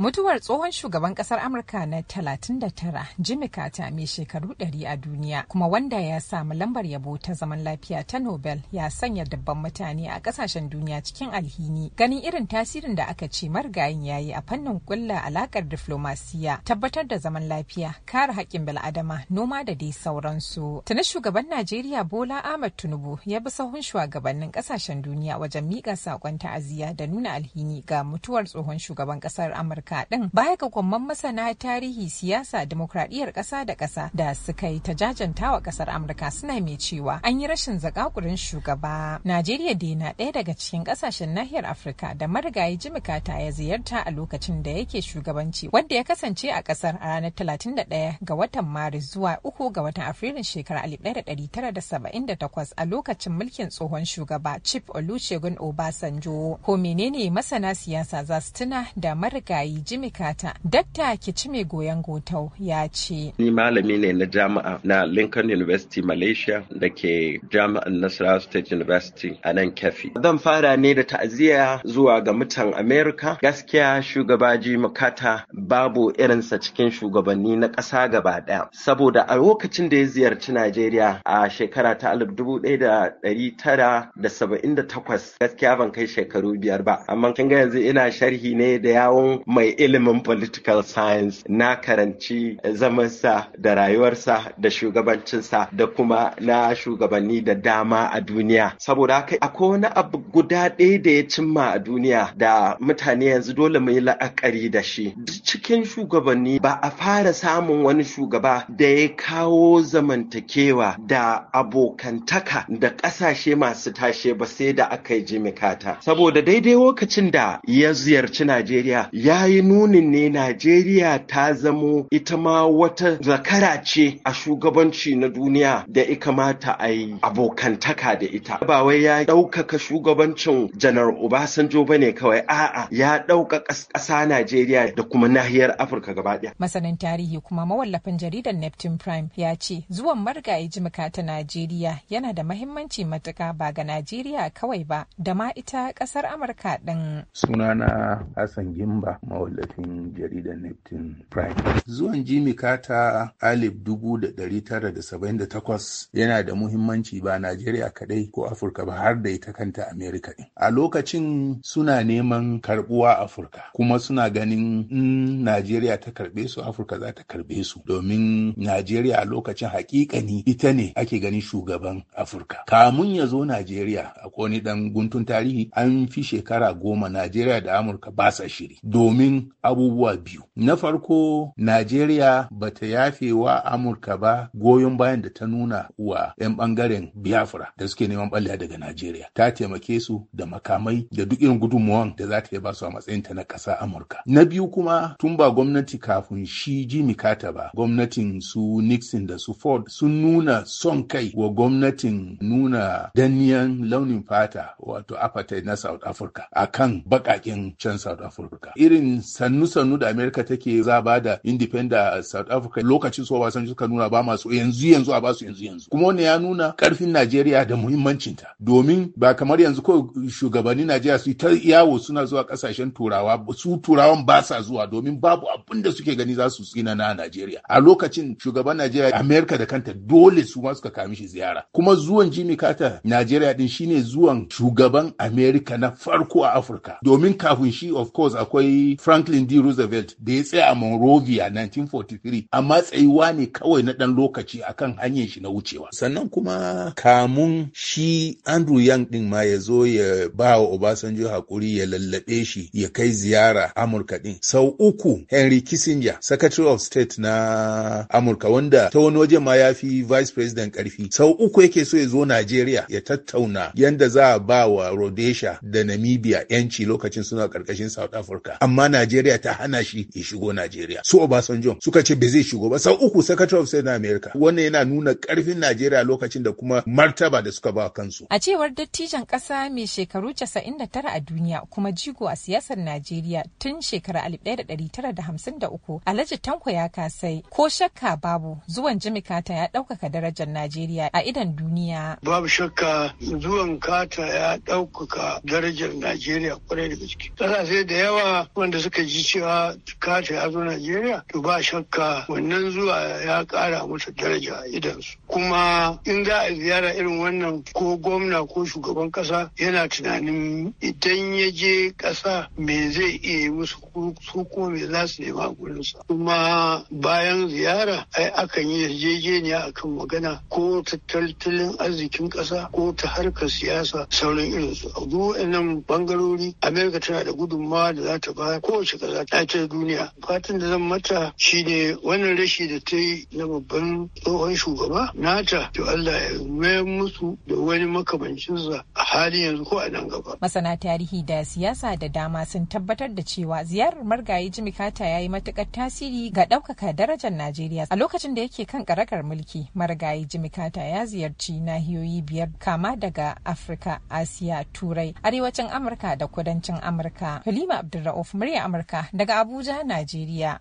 Mutuwar tsohon shugaban kasar Amurka na 39 Jimmy Carter mai shekaru 100 a duniya kuma wanda ya samu lambar yabo ta zaman lafiya ta Nobel ya sanya dabban mutane a kasashen duniya cikin alhini ganin irin tasirin da aka ce marigayin yi a fannin kulla alakar diflomasiya tabbatar da zaman lafiya kare haƙƙin bil'adama noma da dai sauransu. Tuni shugaban Najeriya Bola Ahmed Tinubu ya bi sahun shugabannin kasashen duniya wajen miƙa saƙon ta'aziyya da nuna alhini ga mutuwar tsohon shugaban kasar Amurka. amurka din baya ga gwamman masana tarihi siyasa demokradiyyar ƙasa da ƙasa da suka yi ta jajantawa ƙasar amurka suna mai cewa an yi rashin zakakurin shugaba najeriya dai na ɗaya daga cikin ƙasashen nahiyar afirka da marigayi jimikata ya ziyarta a lokacin da yake shugabanci wanda ya kasance a ƙasar a ranar 31 ga watan maris zuwa 3 ga watan afrilun shekarar 1978 a lokacin mulkin tsohon shugaba chief olusegun obasanjo ko menene masana siyasa za su tuna da marigayi jimmy carter dakta kicime goyon gotau ya ce ni malami ne na jami'a na lincoln university malaysia da ke jami'an nasarawa state university a nan kefi zan fara ne da ta'aziyya zuwa ga mutan america gaskiya shugaba jimikata carter babu irinsa cikin shugabanni na ƙasa gaba ɗaya saboda a lokacin da ya ziyarci najeriya a shekara ta dubu da da saba'in takwas, gaskiya ban kai shekaru biyar ba amma kin ga yanzu ina sharhi ne da yawon mai ilimin political science na karanci zamansa da rayuwarsa da shugabancinsa da kuma na shugabanni da dama a duniya saboda haka akwai wani abu guda ɗaya da ya cimma a duniya da mutane yanzu dole mu yi la'akari da shi duk cikin shugabanni ba a fara samun wani shugaba da ya kawo zamantakewa da abokantaka da ƙasashe masu tashe ba sai da aka yi jimikata saboda daidai lokacin da ya ziyarci najeriya ya yi nunin ne Najeriya ta zamo ita ma wata zakara ce a shugabanci na duniya da ya kamata a yi abokantaka da ita. Ba wai ya ɗaukaka shugabancin janar Obasanjo ba ne kawai a'a ya ɗauka ƙasa Najeriya da kuma nahiyar Afirka gaba ɗaya. Masanin tarihi kuma mawallafin jaridar Neptune Prime ya ce zuwan marigayi jimika ta Najeriya yana da mahimmanci matuƙa ba ga Najeriya kawai ba da ma ita ƙasar Amurka ɗin. Sunana Hassan Gimba, mawallafin jaridar Neptune Prime. Zuwan Jimmy Carter alif takwas, yana da muhimmanci ba Najeriya kadai ko Afirka ba har da ita kanta Amerika ɗin. A lokacin suna neman karbuwa Afirka kuma suna ganin in Najeriya ta karɓe su Afirka za ta karbe su domin Najeriya a lokacin hakikani ita ne ake ganin shugaban Afirka. Kamun ya zo Najeriya a ni dan guntun tarihi an fi shekara goma Najeriya da Amurka ba sa shiri domin domin abubuwa biyu. Na farko, Najeriya ba ta yafe wa Amurka ba goyon bayan da ta nuna wa 'yan ɓangaren Biafra da suke neman ɓalla daga Najeriya. Ta taimake su da makamai da duk irin gudunmuwan da za ta yi ba su a matsayin ta na ƙasa Amurka. Na biyu kuma tun ba gwamnati kafin shi Jimmy Carter ba, gwamnatin su Nixon da su Ford sun nuna son kai wa gwamnatin nuna danniyan launin fata wato apartheid na South Africa akan baƙaƙen can South Africa. Irin sannu-sannu da Amerika take za ba da independent South Africa lokacin su wasan suka nuna ba masu yanzu yanzu a ba su yanzu yanzu kuma wannan ya nuna karfin Najeriya da muhimmancinta domin ba kamar yanzu ko shugabannin Najeriya su ta yawo suna zuwa kasashen turawa su turawan ba sa zuwa domin babu abin da suke gani za su tsina na Najeriya a lokacin shugaban Najeriya Amerika da kanta dole su ma suka kami shi ziyara kuma zuwan Jimmy Carter Najeriya din shine zuwan shugaban Amerika na farko a Afirka domin kafin shi of course akwai Franklin D. Roosevelt da ya tsaya a Monrovia 1943 amma tsayuwa ne kawai na ɗan lokaci akan hanyar shi na wucewa. Sannan kuma kamun shi Andrew Yang ɗin ma ya zo ya ba wa Obasanjo hakuri ya lallaɓe shi ya kai ziyara Amurka ɗin. Sau uku Henry Kissinger, Secretary of State na Amurka wanda ta wani waje ma ya fi Vice President ƙarfi. Sau uku yake so ya zo Najeriya ya tattauna yadda za a ba wa Rhodesia da Namibia 'yanci lokacin suna ƙarƙashin South Africa. Amma Najeriya ta hana shi ya shigo Najeriya su Obasanjo suka ce ba zai shigo ba sau uku Secretary of State na America wannan yana nuna ƙarfin Najeriya lokacin da kuma martaba da suka ba kansu a cewar dattijan ƙasa mai shekaru 99 a duniya kuma jigo a siyasar Najeriya tun shekara 1953 Alhaji Tanko ya kasai ko shakka babu zuwan Jimmy Carter ya ɗaukaka darajar Najeriya a idan duniya babu shakka zuwan Carter ya ɗaukaka darajar Najeriya kwarai da gaske sai da yawa wanda suka suka ji cewa kata ya zo Najeriya to ba shakka wannan zuwa ya kara musu daraja a idansu. Kuma in za a ziyara irin wannan ko gwamna ko shugaban kasa yana tunanin idan ya je kasa me zai iya musu su kuma me za su nema gurinsa. Kuma bayan ziyara ai akan yi yarjejeniya akan magana ko ta tattalin arzikin kasa ko ta harkar siyasa sauran irinsu. A duk bangarori Amerika tana da gudunmawa da za ta bayar ko kowace ƙasa ta ta duniya fatan da zan mata shine wannan rashi da ta yi na babban tsohon shugaba nata to Allah ya mayar musu da wani makamancinsa hali yanzu ko a nan gaba. Masana tarihi da siyasa da dama sun tabbatar da cewa ziyarar margayi jimikata ya yi matukar tasiri ga ɗaukaka darajar Najeriya. A lokacin da yake kan ƙaraƙar mulki, margayi Jimmy ya ziyarci nahiyoyi biyar kama daga Afirka, Asiya, Turai, Arewacin Amurka da Kudancin Amurka. Halima Abdulra'uf, murya Amurka daga Abuja, Najeriya.